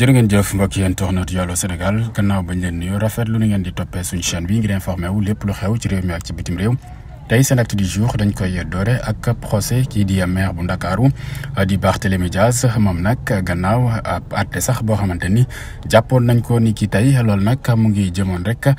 jërë ngeen jëf mbokk yéen tournat Allô Sénégal gannaaw bañ leen nuyu rafet lu nu ngeen di toppee suñu chaîne bi ngir informé wu lépp lu xew ci réew mi ak ci bitim réew tey seen acte du jour dañ koy doore ak procès kii di maire bu Ndakaaru euh, di Barthélémy Dias moom nag gannaaw a àtte sax boo xamante ni jàppoon nañ ko ni ki tey loolu nag mu ngi jëmoon rek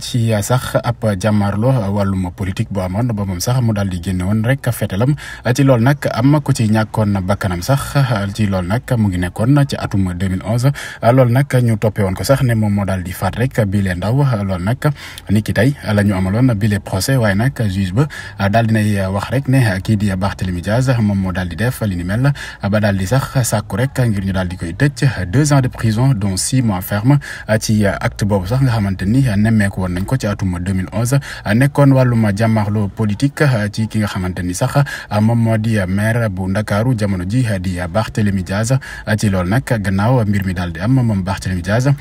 ci sax ab jàmmaarloo wàllum politique bu amoon ba moom sax mu daal di woon rek fetelam ci loolu nag am ku ci ñàkkoon bakkanam sax ci loolu nag mu ngi nekkoon ci atum 2011 lool nag ñu toppeewoon ko sax ne moom moo daal di faat rek bile ndaw loolu nag ni ki tey la ñu a bile procès waaye nag juge ba daal dinay wax rek ne kii di Barthélémy Diaz moom moo daal di def a ni mel ba daal di a sàkku rek ngir ñu daal di koy tëj deux ans de prison dont six mois ferme ci acte boobu sax nga xamante ni nemmeeku woon nañ ko ci atum 2011 nekkoon wàllum jàmmaarloo politique ci ki nga xamante ni sax moom moo di maire bu Ndakaaru jamono ji di Barthélémy Diaz ci loolu a gannaaw mbir mi a di am moom Barthélémy Diaz am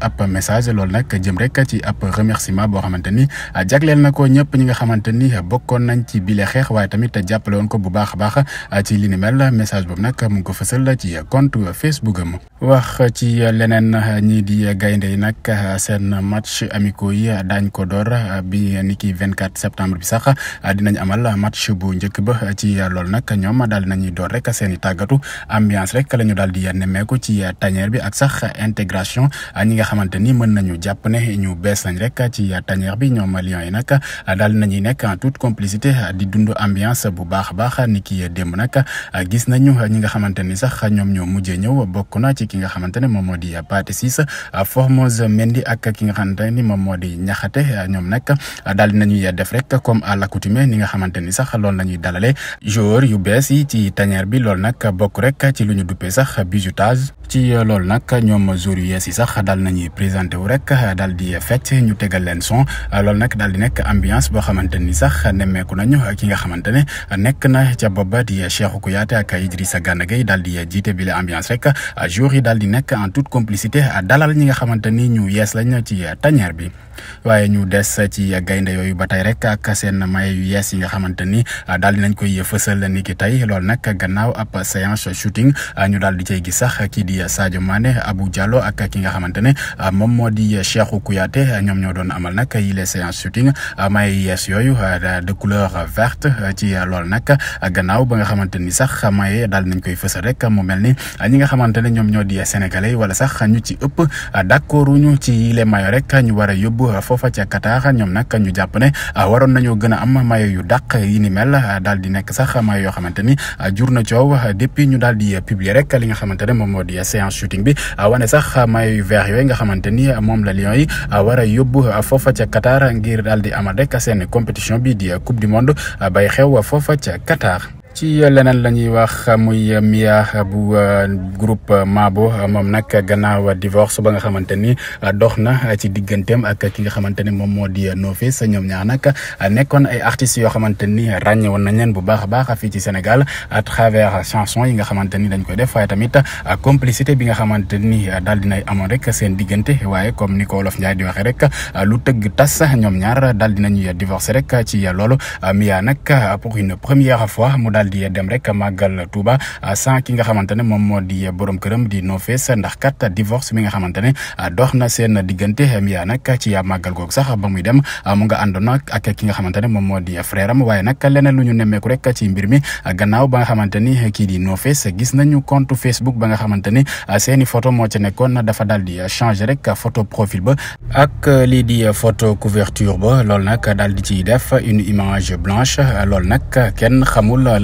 ab message loolu nag jëm rek ci ab remerciement Ah, jagleel na ko ñëpp ñu nga xamante ni bokkoon nañ ci bile xeex waaye tamit jàppale woon ko bu baax a baax ah, ci li ni mel message boobu nag mu ngi ko fësal ci compte Facebook am wax ci leneen ah, ñii di gaynde yi nag seen match amicaux yi daañ ko door bi ni ki 24 septembre bi sax dinañ amal match bu njëkk ba ci loolu nag ñoom daal dinañuy door rek seen i tàggatu ambiance rek la ñu daal di nemmeeku ci tanière bi ak sax intégration ñi nga xamante ni mën nañu jàpp ne ñu bees ñoom Lions yi nag daal nañuy nekk en toute complicité di dund ambiance bu baax a baax ni ki démb nag gis nañu ñi nga xamante ni sax ñoom ñoo mujjee ñëw bokk na ci ki nga xamante ne moom moo di Pathé Ciss Formose Mendy a ki nga xamante ni moom moo di Niakhaté ñoom nag daal nañuy def rek comme à l'accoutumée ni nga xamante ni sax loolu la ñuy dalalee joueur yu bees yi ci tanière bi loolu nag bokk rek ci lu ñu duppee sax bijoutage ci loolu nag ñoom jour yu yees yi sax daal nañuy présenté wu rek daal di fecc ñu tegal leen son lool nag daal di nekk ambiance boo xamante ni sax nemmeeku nañu ki nga xamante ne nekk na ca bopp ba di Cheikhou Kouyaté ak Idrissa Gana Gueye daal di jiite bi la ambiance rek jour yi di nekk en toute complicité dalal ñi nga xamante ni ñu yees lañ ci tanière bi waaye ñu des ci gaynde yooyu ba tey rek ak seen maye yu yees yi nga xamante ni daal di nañ koy fësal ni ki tey loolu nag gannaaw ab séance shooting ñu daal di cay gis sax kii di di Sadio Mané Abou Diallo ak ki nga xamante ah, moom moo di Cheikhou Kouyaté ñoom ñoo doon amal nag yi les séances shooting ah, maye yees yooyu ah, de couleur verte ci loolu nag gannaaw ba nga xamante ni a maye daal nañ koy fësal rek mu mel ni a nga xamante ne ñoom ñoo di sénégalais wala sax ñu ci ëpp d'accord ñu ci yi les mayo rek ñu war a yóbbu foofa ca Qatar ñoom nag ñu jàpp a waroon nañoo gën a am mayo yu dàq yi ni mel daal di nekk sax mayo yoo xamante ni jur na coow depuis ñu daal di publier rek li nga xamante moom moo di séance shooting bi ah, wane sax maillot vert yooyu nga xamante ni moom la lion yi ah, war a yóbbu ah, foofa ca Qatar ngir daal di amal rek seen compétition bi di coupe du monde bay xew foofa ca Qatar. ci leneen la ñuy wax muy Mia bu euh, groupe Mabo moom nag gannaaw a divorce ba nga xamante ni dox na ci digganteem ak ki nga xamante ni moom moo di Nofis ñoom ñaar nag nekkoon ay artistes yoo xamante ni ràññewoon nañ leen bu baax a baax fii ci Sénégal a travers chanson yi nga xamante ni dañ koy def waaye tamit a complicité bi nga xamante ni daal dinay amoon rek seen diggante waaye comme ni ko Wolof Njaay di waxee rek lu tëgg tas ñoom ñaar dal dinañuy divorce rek ci loolu Mia nag pour daal di dem rek màggal a ah, sans ki nga xamante ne moom moo di borom këram di No Face ndax kat divorce mi nga xamante ne ah, dox na seen diggante eh, Mia nag ci màggal a sax ba muy dem ah, mu nga àndoon ak ki nga xamante moom moo di frère am waaye nag leneen lu ñu nemmeeku rek ci mbir mi gannaaw ba nga xamante ni seeni photo moo ci nekkoon dafa daal di changer rek photo profil ba ak lii di photo couverture ba loolu nag daal di ciy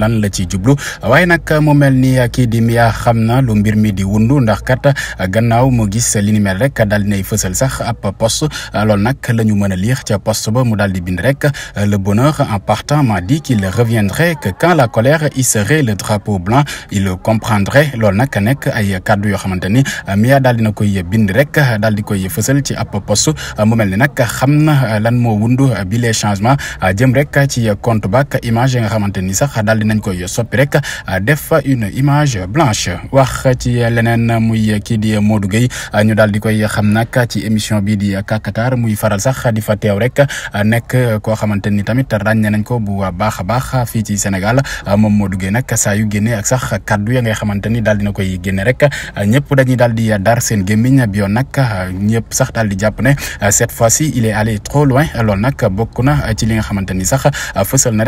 lan la ci jublu waaye nag mu mel ni kii di Mia xam na lu mbir mi di wundu ndax kat gannaaw mu gis li ni mel rek daal dinay fësal sax ab post loolu nag la ñu mën a lire ca post ba mu daal di bind rek le bonheur en partant m'a dit qu'il reviendrait que quand la colère hisserait le drapeau blanc il comprendrait loolu nag nekk ay kàddu yoo xamante ni Mia daal dina koy bind rek daal di koy fësal ci ab post mu mel ni nag xam na lan moo wundu bi les changements jëm rek ci compte ba ak image yi nga xamante ni sax nañ koy soppi rek def une image blanche wax ci leneen muy kii di Modou Gueye ñu daal di koy xam nag ci émission bi di Kakatar muy faral sax di fa teew rek nekk koo xamante ni tamit ràññee nañ ko bu baax a baax fii ci Sénégal moom moo Gueye nag saa yu génnee ak sax kaddu ya ngay xamante ni daal dina koy génne rek ñëpp dañuy daal di dar seen gémmiñ bi yoon nag ñëpp sax daal di jàpp ne cette fois-ci il est allé trop loin loolu nag bokk na ci li nga xamante ni sax fësal na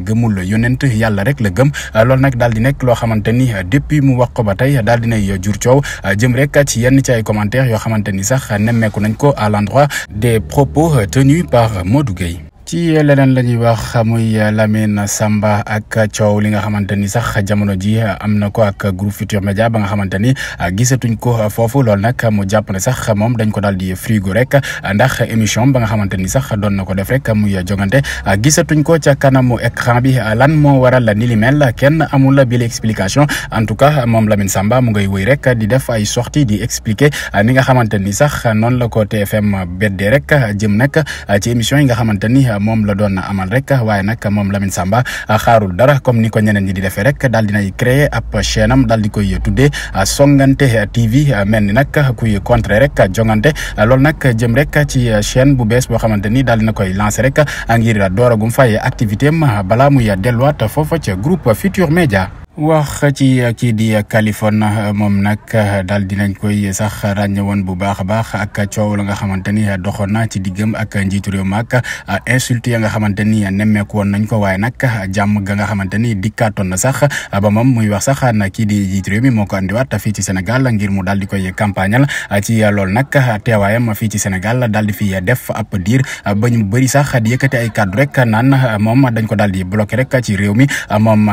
gëmul yonent yàlla rek la gëm euh, loolu nag daal di nekk loo xamante ni euh, depuis mu wax ko ba tey daal di nay jur coow euh, jëm rek ci yenn ci ay commentaires yoo xamante ni sax nemmeeku nañ ko à l'endroit des propos tenus par moo Gueye ci leneen la ñuy wax muy Lamine Samba ak coow li nga xamante ni sax jamono ji am na ko ak groupe Futur Media ba nga xamante ni gisatuñ ko foofu loolu nag mu jàpp ne sax moom dañ ko daal di frigo rek ndax émission ba nga xamante ni sax doon na ko def rek muy jogante gisatuñ ko ca kanamu écran bi lan moo waral ni li mel kenn amul bi l'explication en tout cas moom lamin Samba mu ngay wëy rek di def ay sortie di expliquer ni nga xamante ni sax noonu la ko TFM beddee rek jëm nag ci émission yi nga xamante ni moom la doon na amal rek waaye nag moom la Lamine Samba xaarul dara comme ni ko ñeneen ñi di defee rek daal dinay créer ab chaîne am daal di koy tuddee Songante TV mel ni nag kuy contrer rek jongante lool nag jëm rek ci chaîne bu bees boo xamante ni daal dina koy lancer rek ngir dooragum fay activité am balaa muy delluwaat foofa ca groupe Futur Média wax ci kii di Californie moom nag daal dinañ koy sax ràññe woon bu baax a baax ak coow la nga xamante ni doxoon na ci diggam ak njiit réew ma ak insulte ya nga xamante ni nemmeeku woon nañ ko waaye nag jàmm ga nga xamante ni dikkaatoon na sax ba moom muy wax sax na kii di njiitu réew mi moo ko andiwaat fii ci senegal ngir mu daal di koy campagnal ci loolu nag teewaayam fii ci Sénégal dal di fi def ab diir ba ñu bëri sax di yëkkati ay kàddu rek naan moom dañ ko daal di bloqué rek ci réew mi moom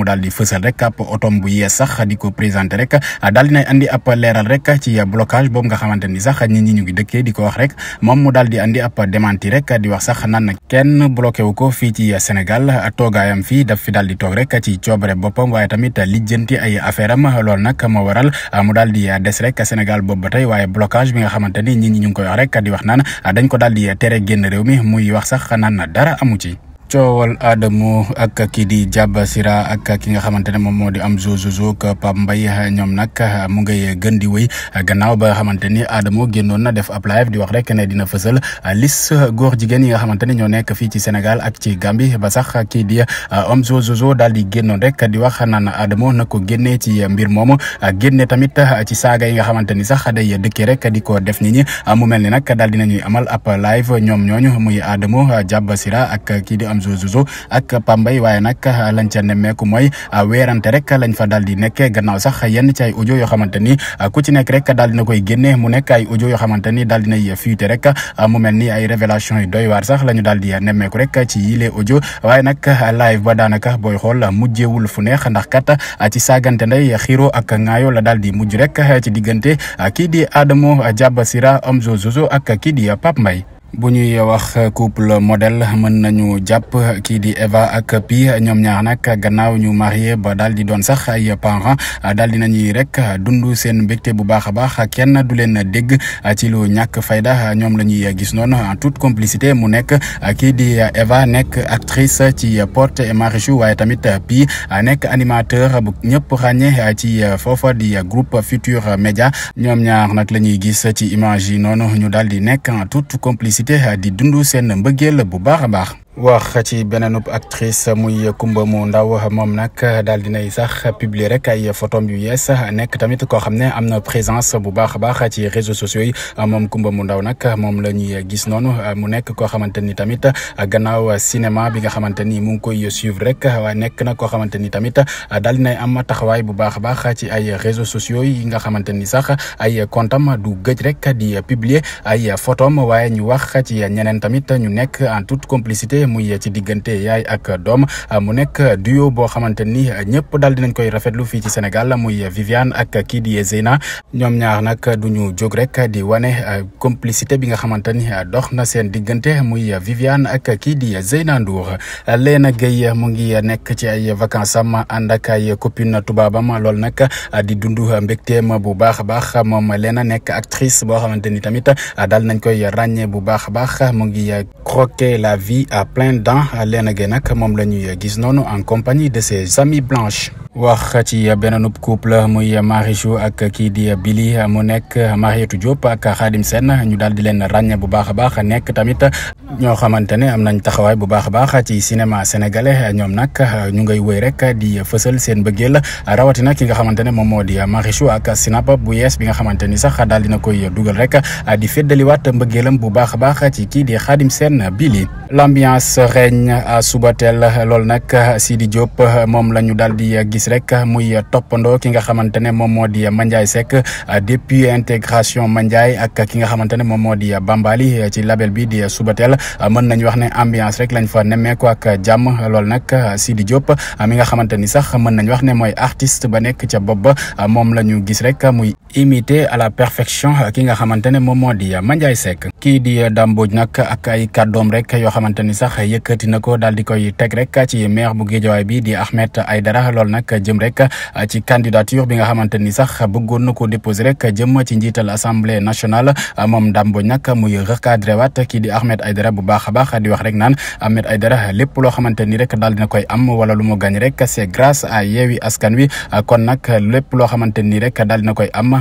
mu daal di fësal rek ab otom bu yees sax di ko présenté rek daal dinay andi ab leeral rek ci blocage boobu nga xamante ni sax nit ñi ñu ngi dëkkee di ko wax rek moom mu daal di andi ab démenti rek di wax sax nan kenn bloqué wu ko fii ci Sénégal toogaayam fii daf fi daal di toog rek ci coobare boppam waaye tamit lijjanti ay affaire am loolu nag moo waral mu daal di des rek Sénégal boobu ba tey waaye blocage bi nga xamante ni nit ñi ñu ngi koy wax rek di wax naan dañ ko daal di tere génn réew mi muy wax sax naan dara amu ci coowal Adamo ak kii di Diaba Sira ak ki nga xamante ne moom moo di am zozozo ak Pape Mbaye ñoom nag mu ngay gën di wéy gannaaw ba nga xamante ni Adamo génnoon na def ab live di wax rek ne dina fësal liste góor jigéen yi nga xamante ne ñoo nekk fii ci Sénégal ak ci gambi ba sax kii di am zozozo daal di génnoon rek di wax naan Adamo na ko génnee ci mbir moom a génne tamit ci saaga yi nga xamante ni sax day dëkkee rek di ko def nit ñi mu mel ni nag daal dinañuy amal ab live ñoom ñooñu muy Adamo Diaba Amzo Zozo ak Pambay waaye nag lañ ca nemmeeku mooy weerante rek lañ fa daal di nekkee gannaaw sax yenn ci ay audio yoo xamante ni ku ci nekk rek daal dina koy génne mu nekk ay audio yoo xamante ni daal dinay fuité rek mu mel ni ay révélation yu doy waar sax lañu ñu daal di nemmeeku rek ci yile audio waaye nag live ba daanaka booy xool mujjewul fu neex ndax kat ci saagante nday xiro ak ŋaayo la daal di mujj rek ci diggante kii di Adamo Diabasira Amzo Zozo ak kii di Pape Mbaye bu ñuy wax couple modèle mën nañu jàpp kii di Eva ak Pi ñoom ñaar nag gannaaw ñu marié ba daal di doon sax ay parents daal di nañuy rek dund seen mbégte bu baax a baax kenn du leen dégg ci lu ñàkk fayda ñoom la ñuy gis noonu en toute complicité mu nekk kii di Eva nekk actrice ci Pod et Marichou waaye tamit Pi nekk animateur bu ñëpp ràññee ci foofa di groupe Futur Média ñoom ñaar nag la ñuy gis ci image yi noonu ñu daal nekk en toute complicité. incité di dund seen mbëggeel bu baax a baax wax ci beneenub actrice muy Kumba mu ndaw moom nag daal dinay sax publier rek ay photom yu yees nekk tamit koo xam ne am na présence bu baax a baax ci réseaux sociaux yi moom Kumba mu ndaw nag moom la ñuy gis noonu mu nekk koo xamante ni tamit gannaaw cinéma bi nga xamante ni mu ngi koy suivre rek waaye nekk na koo xamante ni tamit daal dinay am taxawaay bu baax a baax ci ay réseaux sociaux yi nga xamante ni sax ay kontam du gëj rek di publier ay photom waaye ñu wax ci ñeneen tamit ñu nekk en toute complicité jotee muy ci diggante yaay ak doom mu nekk duo boo xamante ni ñëpp daal dinañ koy rafetlu fii ci Sénégal muy Viviane ak kii di Zeyna ñoom ñaax nag du ñu jóg rek di wane complicité bi nga xamante ni dox na seen diggante muy Viviane ak kii di Zeyna Ndour Léna Gueye mu ngi nekk ci ay vacances am ànd ak ay copine tubaabam lool nag di dund mbégteem bu baax a baax moom Léna nekk actrice boo xamante ni tamit daal nañ koy ràññee bu baax baax mu ngi plein dents Léna Gueye nag moom la ñuy gis noonu en compagnie de ses amies blanches wax ci beneen beneenub couple muy Marichou ak kii di Billy mu nekk Marietou Diop ak xaadim Sène ñu daal di leen ràññee bu baax a baax nekk tamit ñoo xamante ne am nañ taxawaay bu baax a baax ci cinéma sénégalais ñoom nag ñu ngay wëy rek di fësal seen bëggeel rawatina ki nga xamante ne moom moo di Marichou ak Snap bu yees bi nga xamante ni sax daal dina koy dugal rek di feddaliwaat mbëggeelam bu baax a baax ci kii di Khadim Sène Billy l'ambiance règne à Subatel loolu nag Sidi Diop moom la ñu daal di gis gis rek muy toppandoo ki nga xamante ne moom moo di Mandiaye Seck depuis intégration Mandiaye ak ki nga xamante ne moom moo di Bambali ci label bi di Subatel mën nañ wax ne ambiance rek lañ fa nemmeeku ak jàmm loolu nag Sidi Diop mi nga xamante ni sax mën nañ wax ne mooy artiste ba nekk ca bopp ba moom la ñu gis rek muy imité à la perfection ki nga xamante ne moom moo di Mandiaye Seck kii di Damboj nag ak ay kaddoom rek yoo xamante ni sax yëkkati na ko daal di koy teg rek ci maire bu Guédiawaye bi di Ahmed Aïdara loolu nag rek jëm rek ah, ci candidature bi nga xamante ni sax bëggoon na ko déposer rek jëm ci a assemblée nationale a ah, Dame Mbodj nag muy recadré waat kii di Ahmed Aïdara bu baax a baax di wax rek naan Ahmed Aïdara lépp loo ni rek daal dina koy am wala lu mu gañ rek c'est grâce à Yewwi Askan Wi ah, ni rek daal am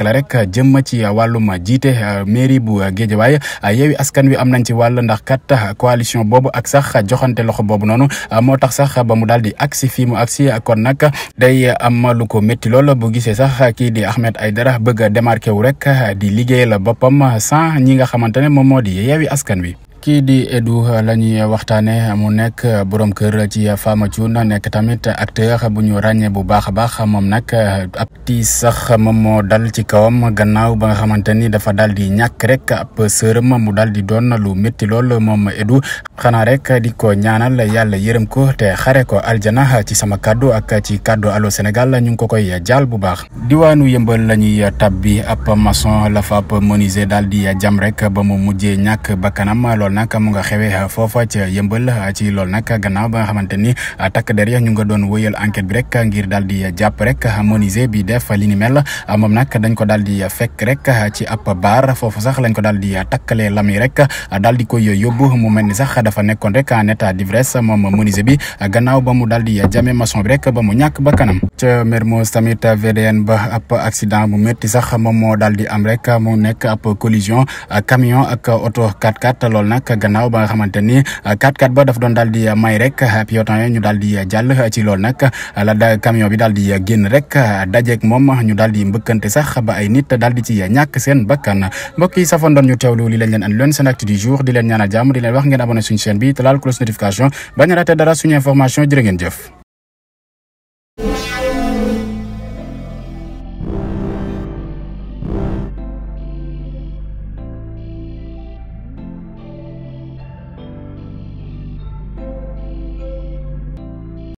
la rek jëm ci wàllum jiite mairie bu Guédiawaye Yewwi Askan Wi nañ ci wàll ndax kat coalition boobu ak sax joxante loxo boobu noonu Ah, moo tax sax ba mu daal di agsi fii mu agsi kon nag day amalu ko métti lool bu gisee sax kii di Ahmed Aidara bëgg a démarqué wu rek di liggéeyal boppam sans ñi nga xamante ne moom moo di yeewi askan wi. kii di Edu la ñuy waxtaanee mu nekk borom kër ci Fama Thioune nekk tamit acteur bu ñu ràññee bu baax a baax moom nag ak tiis sax moom moo dal ci kawam gannaaw ba nga xamante ni dafa daal di ñàkk rek ab sërëm mu daal di doon lu métti lool moom Edu xanaa rek di ko ñaanal yàlla yërëm ko te xare ko aljana ci sama kàddu ak ci kàddu Allô Sénégal ñu ngi ko koy jaal bu baax. diwaanu yëmbal la ñuy tab bi ab maçon la fa ab menuisier daal di jam rek ba mu mujjee ñàkk bakkanam nag mu nga xewee a ca yëmbal ci loolu nag gannaaw ba nga xamante ni takk der a ñu nga doon wëyal enquête bi rek ngir daal di jàpp rek harmoniser bi a li ni mel moom nag dañ ko daal di fekk rek ci ab baar foofu gannaaw ba mu daal a jame maçon bi rek ba mu ñàkk ba kanam ca Mermoz tamit VDN ba ab accident bu métti sax moom moo daal am rek mu nekk ab collision camion ak auto 4x4 loolu nag gannaaw ba nga xamante ni 4 euh, ba daf doon daal di may rek euh, piéton yi ñu daal di jàll euh, ci loolu nag la da camion bi daal di génn rek dajeeg moom ñu daal di mbëkkante sax ba ay nit daal di ci ñàkk seen bakkan mbokk yi safoon doon ñu teewlu li leen andi loon seen di leen wax ngeen abonné suñu chaîne bi te laal cloche notification bañ a raté dara information jërë jëf